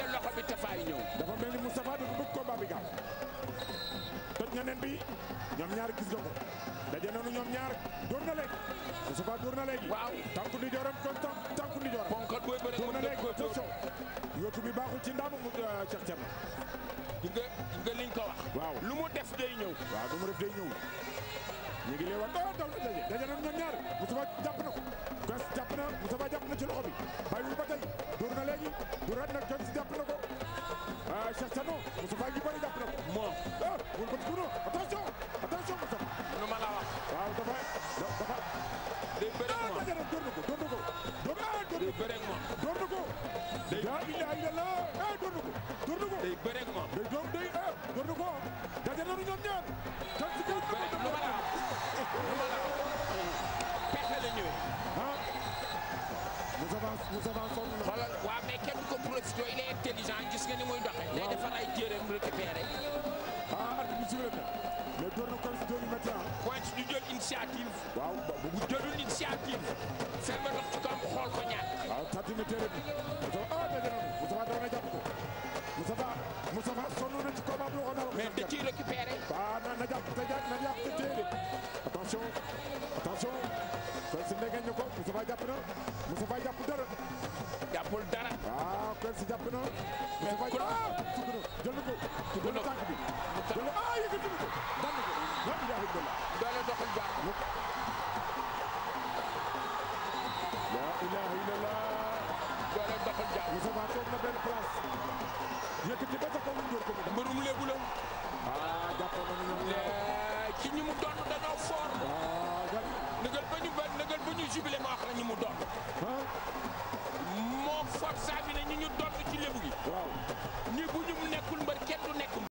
ca loxo bi tafaay ñëw. dafa mel ni Moustapha dafa bëgg combat bi gaaw toj na nen bi ñoom ñaar gis nga ko daje nañu ñoom ñaar dóor na léegi Moustapha dóor na léegi. waaw tànku ndi jooram kon tànku ndi jooram. ponkal booy bëre dóor na léegi attention yootu bi baaxul ci ndaamu mu euh, Cheikh Thierno. di liñ ko wax. waaw lu mu def day ñëw. waaw lu mu def day ñëw. ñu ngi lay wax daje daje nañu ñoom ñaar Moustapha jàpp na ko gas jàpp na. moom. bu ko bu attention attention Moustapha. nu ma la wax. waaw dafa dafa. day bëre ak moom ah door na ko door na ko. day bëre ak moom. door na ko. day daa ilaa ila la eh door na ko. door na ko day bëre ak moom. day door day eh door na ko. daje na ñoom ñaar. tànk si kaw bëre nu ma la wax nu ma la wax. pexe la ñëwee. ah. Moustapha Moustapha sonn na. xoolal waaw mais kenn du ko profité il est intelligent gis nga ni muy bu jëlul initiative Sène ba dox ci kawam xool ko ñaar. a Fatou Ndiaye bi Moustapha ah dégg naa Moustapha daw na jàpp ko Moustapha Moustapha sonn na ci combat bu ko nar. mais da ciy récupéré. waaw na na jàpp te jàpp na jàpp a téye attention attention. Quench ndegeñ na ko Moustapha jàpp na Moustapha jàpp dara. jàppul dara. waaw Quench jàpp na. mais ku benn place yëkkati ba ca kaw mu door ko mu. mbërum lébu la. ah jàppoon nañu ñoom ñaar. Eh, ci ñi mu doon danoo fort. ah jàpp. nëgal ba ñu ba nëgal ba